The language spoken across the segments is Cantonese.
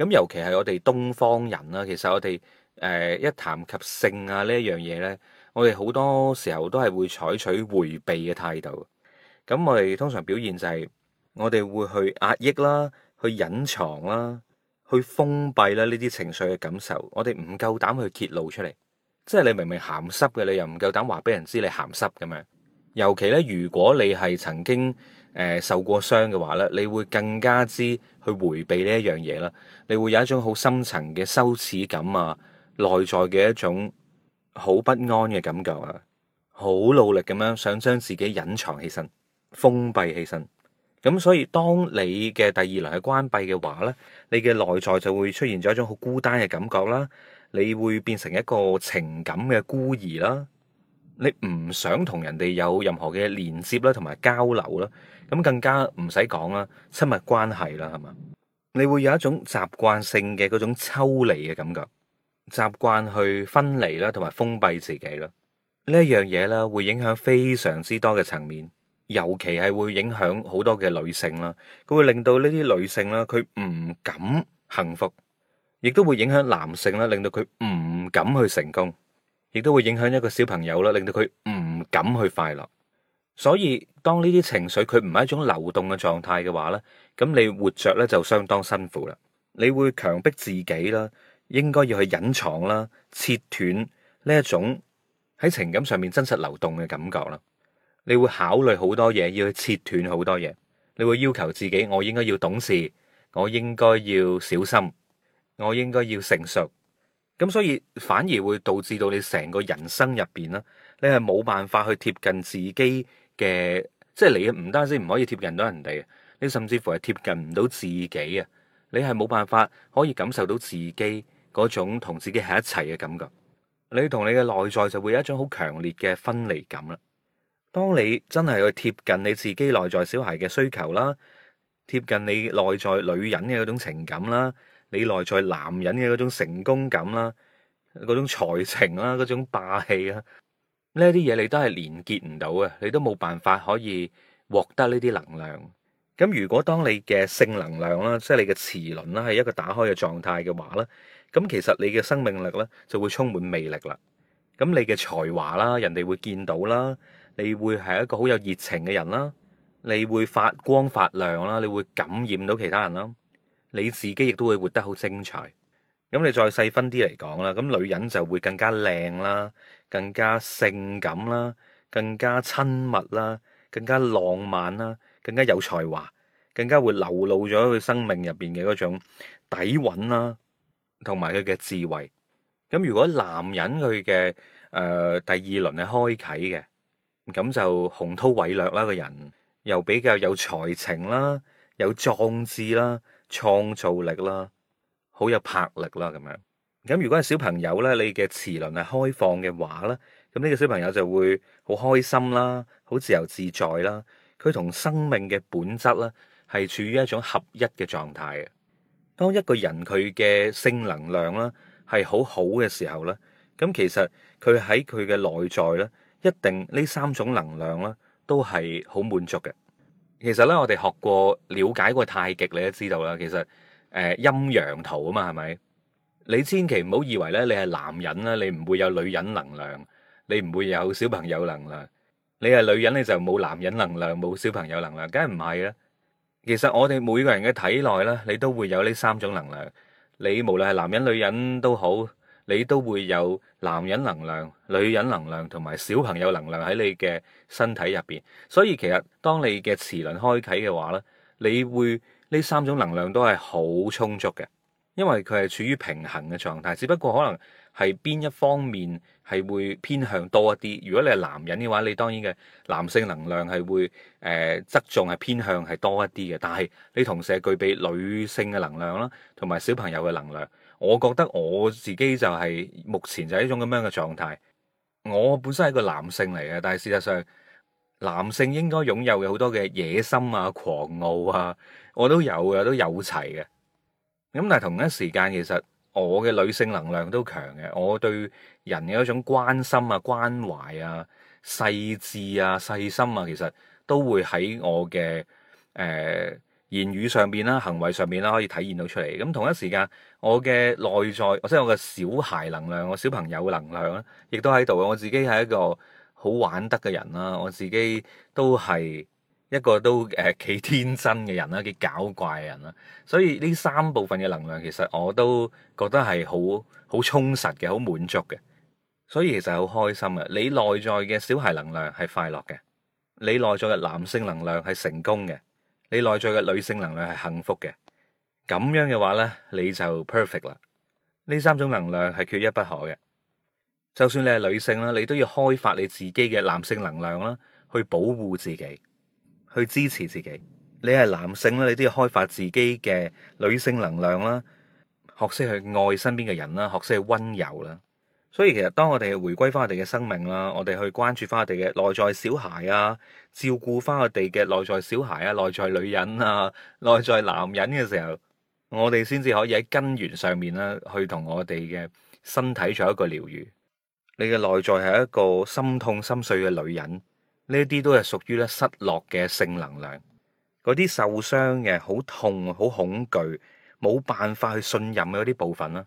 咁尤其係我哋東方人啦，其實我哋誒、呃、一談及性啊呢一樣嘢咧，我哋好多時候都係會採取迴避嘅態度。咁我哋通常表現就係我哋會去壓抑啦、去隱藏啦、去封閉啦呢啲情緒嘅感受，我哋唔夠膽去揭露出嚟。即係你明明鹹濕嘅，你又唔夠膽話俾人知你鹹濕咁樣。尤其咧，如果你係曾經誒受過傷嘅話呢，你會更加之去迴避呢一樣嘢啦，你會有一種好深層嘅羞恥感啊，內在嘅一種好不安嘅感覺啊，好努力咁樣想將自己隱藏起身、封閉起身，咁所以當你嘅第二輪係關閉嘅話呢，你嘅內在就會出現咗一種好孤單嘅感覺啦，你會變成一個情感嘅孤兒啦。你唔想同人哋有任何嘅連接啦，同埋交流啦，咁更加唔使講啦，親密關係啦，係嘛？你會有一種習慣性嘅嗰種抽離嘅感覺，習慣去分離啦，同埋封閉自己啦。呢一樣嘢呢，會影響非常之多嘅層面，尤其係會影響好多嘅女性啦，佢會令到呢啲女性啦，佢唔敢幸福，亦都會影響男性啦，令到佢唔敢去成功。亦都會影響一個小朋友啦，令到佢唔敢去快樂。所以當呢啲情緒佢唔係一種流動嘅狀態嘅話呢，咁你活着呢就相當辛苦啦。你會強迫自己啦，應該要去隱藏啦，切斷呢一種喺情感上面真實流動嘅感覺啦。你會考慮好多嘢，要去切斷好多嘢。你會要求自己，我應該要懂事，我應該要小心，我應該要成熟。咁所以反而會導致到你成個人生入邊啦，你係冇辦法去貼近自己嘅，即係你唔單止唔可以貼近到人哋，你甚至乎係貼近唔到自己啊！你係冇辦法可以感受到自己嗰種同自己喺一齊嘅感覺，你同你嘅內在就會有一種好強烈嘅分離感啦。當你真係去貼近你自己內在小孩嘅需求啦，貼近你內在女人嘅嗰種情感啦，你內在男人嘅嗰種成功感啦，嗰種才情啦，嗰種霸氣啊，呢啲嘢你都係連結唔到嘅，你都冇辦法可以獲得呢啲能量。咁如果當你嘅性能量啦，即係你嘅磁輪啦，係一個打開嘅狀態嘅話咧，咁其實你嘅生命力呢，就會充滿魅力啦。咁你嘅才華啦，人哋會見到啦，你會係一個好有熱情嘅人啦，你會發光發亮啦，你會感染到其他人啦。你自己亦都會活得好精彩。咁你再細分啲嚟講啦，咁女人就會更加靚啦，更加性感啦，更加親密啦，更加浪漫啦，更加有才華，更加會流露咗佢生命入邊嘅嗰種底蘊啦，同埋佢嘅智慧。咁如果男人佢嘅誒第二輪係開啟嘅，咁就雄韜偉略啦，個人又比較有才情啦，有壯志啦。創造力啦，好有魄力啦，咁樣。咁如果係小朋友咧，你嘅磁輪係開放嘅話咧，咁呢個小朋友就會好開心啦，好自由自在啦。佢同生命嘅本質咧係處於一種合一嘅狀態嘅。當一個人佢嘅性能量啦係好好嘅時候咧，咁其實佢喺佢嘅內在咧，一定呢三種能量咧都係好滿足嘅。其實咧，我哋學過、了解過太極，你都知道啦。其實，誒、呃，陰陽圖啊嘛，係咪？你千祈唔好以為咧，你係男人啦，你唔會有女人能量，你唔會有小朋友能量。你係女人，你就冇男人能量，冇小朋友能量，梗係唔係啦。其實我哋每個人嘅體內咧，你都會有呢三種能量。你無論係男人、女人都好，你都會有男人能量、女人能量同埋小朋友能量喺你嘅身體入邊，所以其實當你嘅磁輪開啓嘅話呢，你會呢三種能量都係好充足嘅，因為佢係處於平衡嘅狀態。只不過可能係邊一方面係會偏向多一啲。如果你係男人嘅話，你當然嘅男性能量係會誒、呃、側重係偏向係多一啲嘅，但係你同時係具備女性嘅能量啦，同埋小朋友嘅能量。我覺得我自己就係、是、目前就係一種咁樣嘅狀態。我本身係個男性嚟嘅，但係事實上男性應該擁有嘅好多嘅野心啊、狂傲啊，我都有嘅、啊，都有齊嘅。咁但係同一時間，其實我嘅女性能量都強嘅。我對人嘅一種關心啊、關懷啊、細緻啊、細心啊，其實都會喺我嘅誒，呃言語上面啦，行為上面啦，可以體現到出嚟。咁同一時間，我嘅內在，即係我嘅小孩能量，我小朋友嘅能量咧，亦都喺度。我自己係一個好玩得嘅人啦，我自己都係一個都誒幾天真嘅人啦，幾搞怪嘅人啦。所以呢三部分嘅能量，其實我都覺得係好好充實嘅，好滿足嘅。所以其實好開心啊！你內在嘅小孩能量係快樂嘅，你內在嘅男性能量係成功嘅。你內在嘅女性能量係幸福嘅，咁樣嘅話呢，你就 perfect 啦。呢三種能量係缺一不可嘅。就算你係女性啦，你都要開發你自己嘅男性能量啦，去保護自己，去支持自己。你係男性啦，你都要開發自己嘅女性能量啦，學識去愛身邊嘅人啦，學識去溫柔啦。所以其實當我哋回歸翻我哋嘅生命啦，我哋去關注翻我哋嘅內在小孩啊，照顧翻我哋嘅內在小孩啊，內在女人啊，內在男人嘅時候，我哋先至可以喺根源上面咧，去同我哋嘅身體做一個療癒。你嘅內在係一個心痛心碎嘅女人，呢啲都係屬於咧失落嘅性能量，嗰啲受傷嘅，好痛，好恐懼，冇辦法去信任嘅嗰啲部分啦。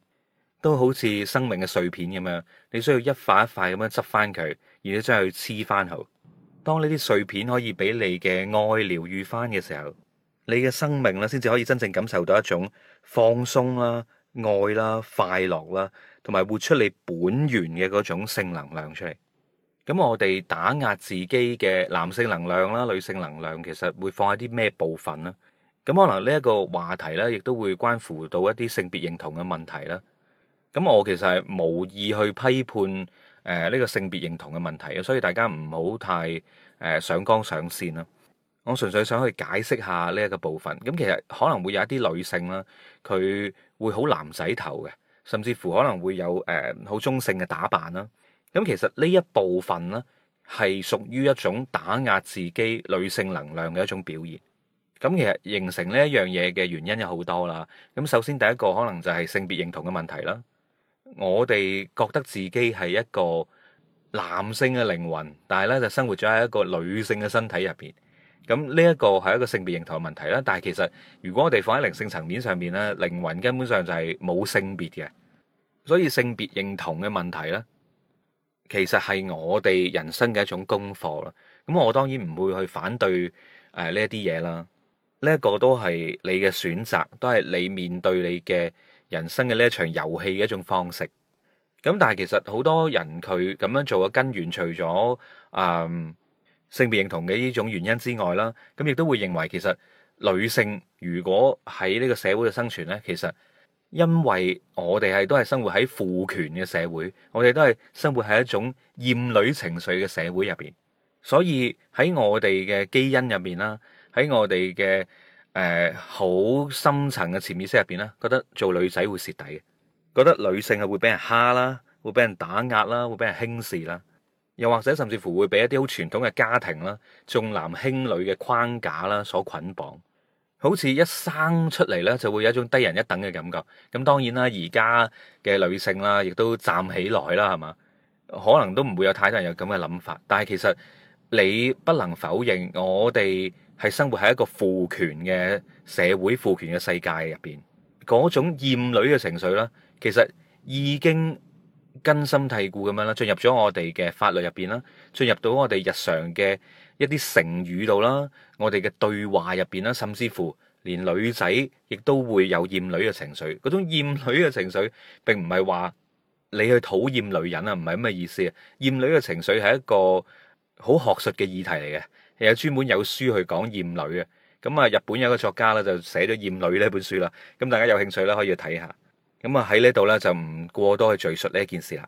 都好似生命嘅碎片咁樣，你需要一塊一塊咁樣執翻佢，然後將佢黐翻好，當呢啲碎片可以俾你嘅愛療愈翻嘅時候，你嘅生命咧先至可以真正感受到一種放鬆啦、愛啦、快樂啦，同埋活出你本源嘅嗰種性能量出嚟。咁我哋打壓自己嘅男性能量啦、女性能量，其實會放喺啲咩部分呢？咁可能呢一個話題咧，亦都會關乎到一啲性別認同嘅問題啦。咁我其實係無意去批判誒呢、呃這個性別認同嘅問題嘅，所以大家唔好太誒、呃、上綱上線啦。我純粹想去解釋下呢一個部分。咁其實可能會有一啲女性啦，佢會好男仔頭嘅，甚至乎可能會有誒好、呃、中性嘅打扮啦。咁其實呢一部分咧係屬於一種打壓自己女性能量嘅一種表現。咁其實形成呢一樣嘢嘅原因有好多啦。咁首先第一個可能就係性別認同嘅問題啦。我哋覺得自己係一個男性嘅靈魂，但係咧就生活咗喺一個女性嘅身體入邊。咁呢一個係一個性別認同嘅問題啦。但係其實，如果我哋放喺靈性層面上面咧，靈魂根本上就係冇性別嘅。所以性別認同嘅問題咧，其實係我哋人生嘅一種功課啦。咁我當然唔會去反對誒呢一啲嘢啦。呢一個都係你嘅選擇，都係你面對你嘅。人生嘅呢一場遊戲嘅一種方式，咁但係其實好多人佢咁樣做嘅根源，除咗誒、嗯、性別認同嘅呢種原因之外啦，咁亦都會認為其實女性如果喺呢個社會嘅生存呢，其實因為我哋係都係生活喺父權嘅社會，我哋都係生活喺一種厭女情緒嘅社會入邊，所以喺我哋嘅基因入面啦，喺我哋嘅。誒好、呃、深層嘅潛意識入邊啦，覺得做女仔會蝕底嘅，覺得女性啊會俾人蝦啦，會俾人打壓啦，會俾人輕視啦，又或者甚至乎會俾一啲好傳統嘅家庭啦，重男輕女嘅框架啦所捆綁，好似一生出嚟咧就會有一種低人一等嘅感覺。咁當然啦，而家嘅女性啦，亦都站起來啦，係嘛？可能都唔會有太多人有咁嘅諗法，但係其實。你不能否認，我哋係生活喺一個父權嘅社會、父權嘅世界入邊，嗰種厭女嘅情緒啦，其實已經根深蒂固咁樣啦，進入咗我哋嘅法律入邊啦，進入到我哋日常嘅一啲成語度啦，我哋嘅對話入邊啦，甚至乎連女仔亦都會有厭女嘅情緒。嗰種厭女嘅情緒並唔係話你去討厭女人啊，唔係咁嘅意思啊。厭女嘅情緒係一個。好學術嘅議題嚟嘅，又有專門有書去講厭女嘅。咁啊，日本有一個作家啦，就寫咗《厭女》呢本書啦。咁大家有興趣啦，可以去睇下。咁啊，喺呢度咧就唔過多去敘述呢一件事啦。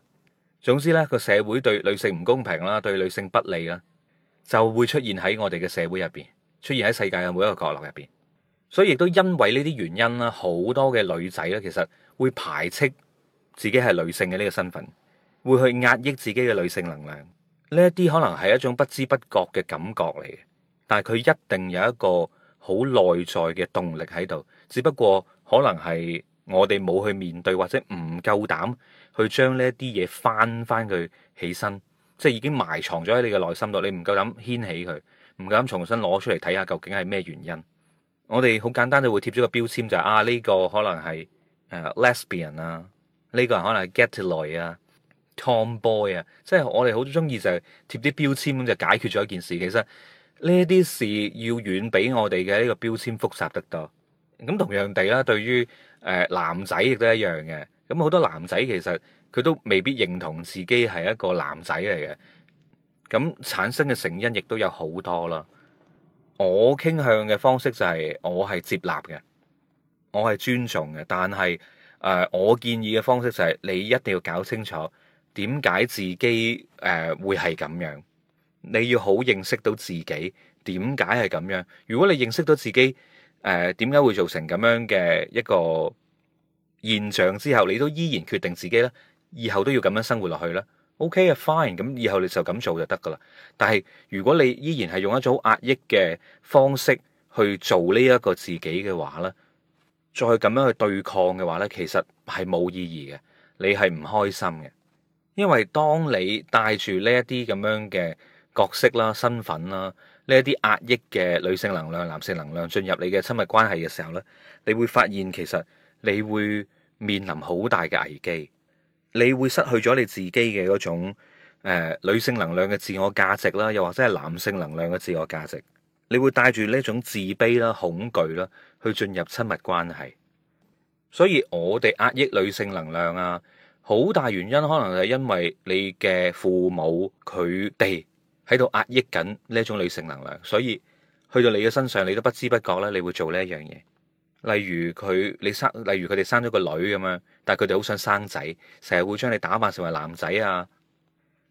總之呢，個社會對女性唔公平啦，對女性不利啦，就會出現喺我哋嘅社會入邊，出現喺世界嘅每一個角落入邊。所以亦都因為呢啲原因啦，好多嘅女仔咧，其實會排斥自己係女性嘅呢個身份，會去壓抑自己嘅女性能量。呢一啲可能係一種不知不覺嘅感覺嚟嘅，但係佢一定有一個好內在嘅動力喺度，只不過可能係我哋冇去面對，或者唔夠膽去將呢一啲嘢翻翻佢起身，即係已經埋藏咗喺你嘅內心度，你唔夠膽掀起佢，唔夠膽重新攞出嚟睇下究竟係咩原因。我哋好簡單就會貼咗個標籤，就係，就係啊呢、呢個可能係誒 lesbian 啊，呢、呢個人可能係 gay 佬啊。Tom boy 啊，即係我哋好中意就係貼啲標籤，咁就解決咗一件事。其實呢啲事要遠比我哋嘅呢個標籤複雜得多。咁同樣地啦，對於誒男仔亦都一樣嘅。咁好多男仔其實佢都未必認同自己係一個男仔嚟嘅。咁產生嘅成因亦都有好多啦。我傾向嘅方式就係我係接納嘅，我係尊重嘅。但係誒，我建議嘅方式就係你一定要搞清楚。點解自己誒、呃、會係咁樣？你要好認識到自己點解係咁樣。如果你認識到自己誒點解會造成咁樣嘅一個現象之後，你都依然決定自己咧，以後都要咁樣生活落去啦。O K 啊，Fine，咁以後你就咁做就得㗎喇。但係如果你依然係用一種壓抑嘅方式去做呢一個自己嘅話咧，再咁樣去對抗嘅話咧，其實係冇意義嘅，你係唔開心嘅。因為當你帶住呢一啲咁樣嘅角色啦、身份啦，呢一啲壓抑嘅女性能量、男性能量進入你嘅親密關係嘅時候呢，你會發現其實你會面臨好大嘅危機，你會失去咗你自己嘅嗰種誒、呃、女性能量嘅自我價值啦，又或者係男性能量嘅自我價值，你會帶住呢種自卑啦、恐懼啦去進入親密關係，所以我哋壓抑女性能量啊。好大原因可能就係因為你嘅父母佢哋喺度壓抑緊呢一種女性能量，所以去到你嘅身上，你都不知不覺咧，你會做呢一樣嘢。例如佢你生，例如佢哋生咗個女咁樣，但係佢哋好想生仔，成日會將你打扮成為男仔啊，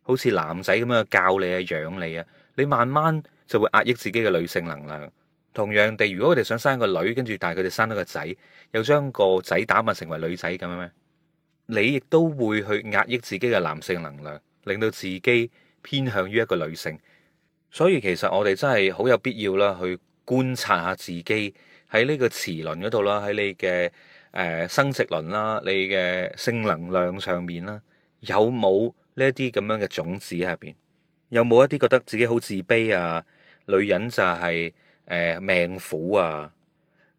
好似男仔咁樣教你啊、養你啊，你慢慢就會壓抑自己嘅女性能量。同樣地，如果佢哋想生個女，跟住但係佢哋生咗個仔，又將個仔打扮成為女仔咁樣咧。你亦都會去壓抑自己嘅男性能量，令到自己偏向於一個女性。所以其實我哋真係好有必要啦，去觀察下自己喺呢個齒輪嗰度啦，喺你嘅誒、呃、生殖輪啦，你嘅性能量上面啦，有冇呢一啲咁樣嘅種子喺入邊？有冇一啲覺得自己好自卑啊？女人就係、是、誒、呃、命苦啊，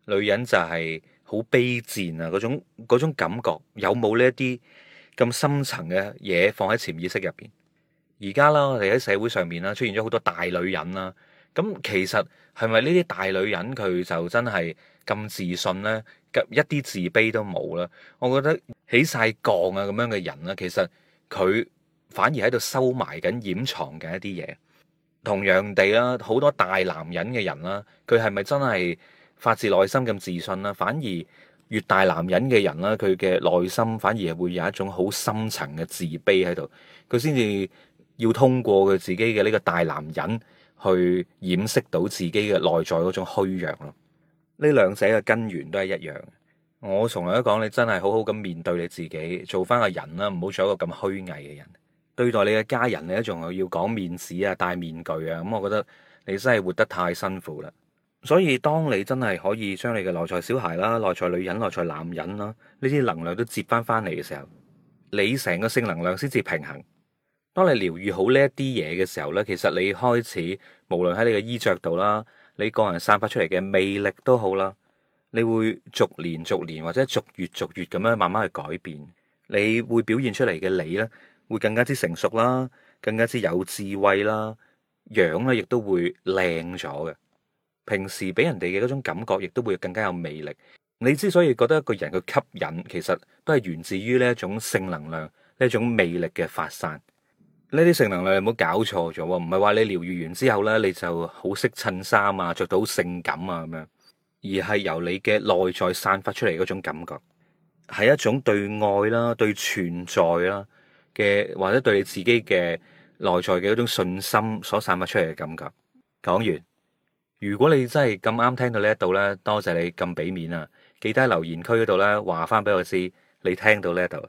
女人就係、是。好卑賤啊！嗰種，嗰種感覺有冇呢一啲咁深層嘅嘢放喺潛意識入邊？而家啦，我哋喺社會上面啦，出現咗好多大女人啦。咁其實係咪呢啲大女人佢就真係咁自信呢？一啲自卑都冇啦。我覺得起晒槓啊咁樣嘅人啦，其實佢反而喺度收埋緊掩藏嘅一啲嘢。同樣地啦，好多大男人嘅人啦，佢係咪真係？發自內心咁自信啦，反而越大男人嘅人啦，佢嘅內心反而係會有一種好深層嘅自卑喺度，佢先至要通過佢自己嘅呢個大男人去掩飾到自己嘅內在嗰種虛弱咯。呢兩者嘅根源都係一樣。我從來都講你真係好好咁面對你自己，做翻個人啦，唔好做一個咁虛偽嘅人。對待你嘅家人，你都仲係要講面子啊，戴面具啊，咁我覺得你真係活得太辛苦啦。所以，當你真係可以將你嘅內在小孩啦、內在女人、內在男人啦呢啲能量都接翻翻嚟嘅時候，你成個性能量先至平衡。當你療癒好呢一啲嘢嘅時候呢，其實你開始無論喺你嘅衣着度啦，你個人散發出嚟嘅魅力都好啦，你會逐年逐年或者逐月逐月咁樣慢慢去改變。你會表現出嚟嘅你呢，會更加之成熟啦，更加之有智慧啦，樣咧，亦都會靚咗嘅。平時俾人哋嘅嗰種感覺，亦都會更加有魅力。你之所以覺得一個人嘅吸引，其實都係源自於呢一種性能量、呢一種魅力嘅發散。呢啲性能量有冇搞錯咗？唔係話你療癒完之後呢，你就好識襯衫啊，着到性感啊咁樣，而係由你嘅內在散發出嚟嗰種感覺，係一種對愛啦、對存在啦嘅，或者對你自己嘅內在嘅嗰種信心所散發出嚟嘅感覺。講完。如果你真係咁啱聽到呢一度咧，多謝你咁俾面啊！記得喺留言區嗰度咧，話翻俾我知你聽到呢一度。